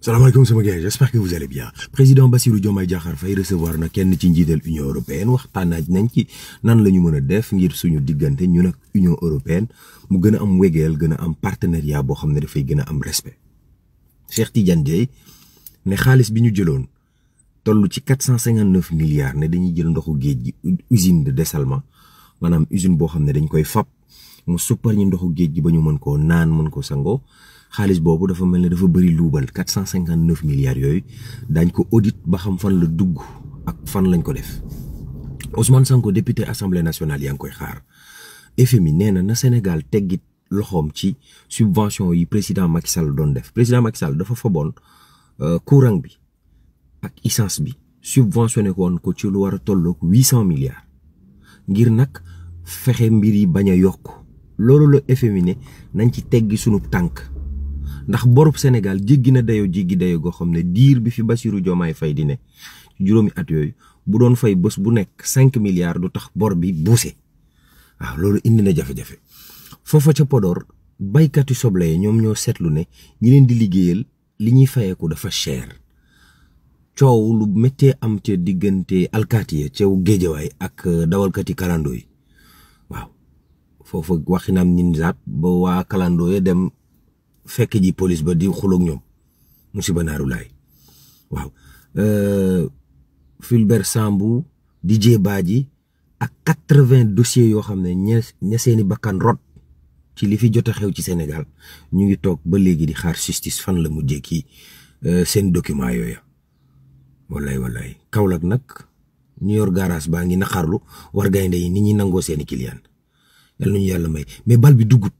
salaamaaleykum sama gars j'espère que vous allez bien président Bassirou Diomaye Diakhar fay recevoir na kenn ci njiital union européenne waxtaan nañ ci nan la ñu mën a def ngir suñu diggante ñu ak union européenne mu gën a am wegeel gën a am partenariat boo xam ne dafay gën a am respect. Cheikh Tidiane Dieye ne xaalis bi ñu jëloon tollu ci quatre cent cinquante neuf milliards ne dañuy jël ndoxu géej gi usine de dessalement maanaam usine boo xam ne dañ koy fab. mu suppar ñi ndoxu géej gi ba ñu mën koo naan mën ko sangoo xaalis boobu dafa mel ne dafa bëri luubal 459 milliards yooyu daañ ko audit ba xam fan la dugg ak fan lañ ko def Ousmane Sonko député assemblée nationale yaa ngi koy xaar FMI nee na na Sénégal teggit loxoom ci subvention yi président Macky doon def président Macky Sall dafa foboon euh, courant bi ak essence bi ko woon ko ci lu war a tolloog 800 milliards ngir nag fexe mbir yi bañ a yokk loolu la efféminé nañ ci teggi sunu tànk ndax borub Sénégal jéggi na dayo jéggi dayoo goo xam ne diir bi fi Bassirou Diomaye fay di ne juróomi at yooyu bu doon fay bés bu nekk cinq milliards du tax bor bi buuse waaw loolu indi na jafe-jafe foofa ca Podor baykati soble yi ñoom ñoo seetlu ne ñu leen di liggéeyal li ñuy fayeeku dafa cher coow lu méttee am ca diggante alkaati ya ca géejawaay ak dawalkati kalandoo yi foofu waxinam ñin zaat ba waa kalandoo ya dem fekk ji police ba diw xuloog ñoom musiba naaru laay waaw euh, Fulbert Sambou Didier Badji ak quatre-vingts dossiers yoo xam ne ña seeni bakkan rot ci li fi jot a xew ci Sénégal ñu ngi toog ba léegi di xaar justice fan la mujjee kii euh, seen document yooya wallaay wallaay Kaolack nag ñu yor garage baa ngi naqarlu war gaynde yi ni ñuy nangoo seeni client yàlla nañu yàlla may mais bal bi duggut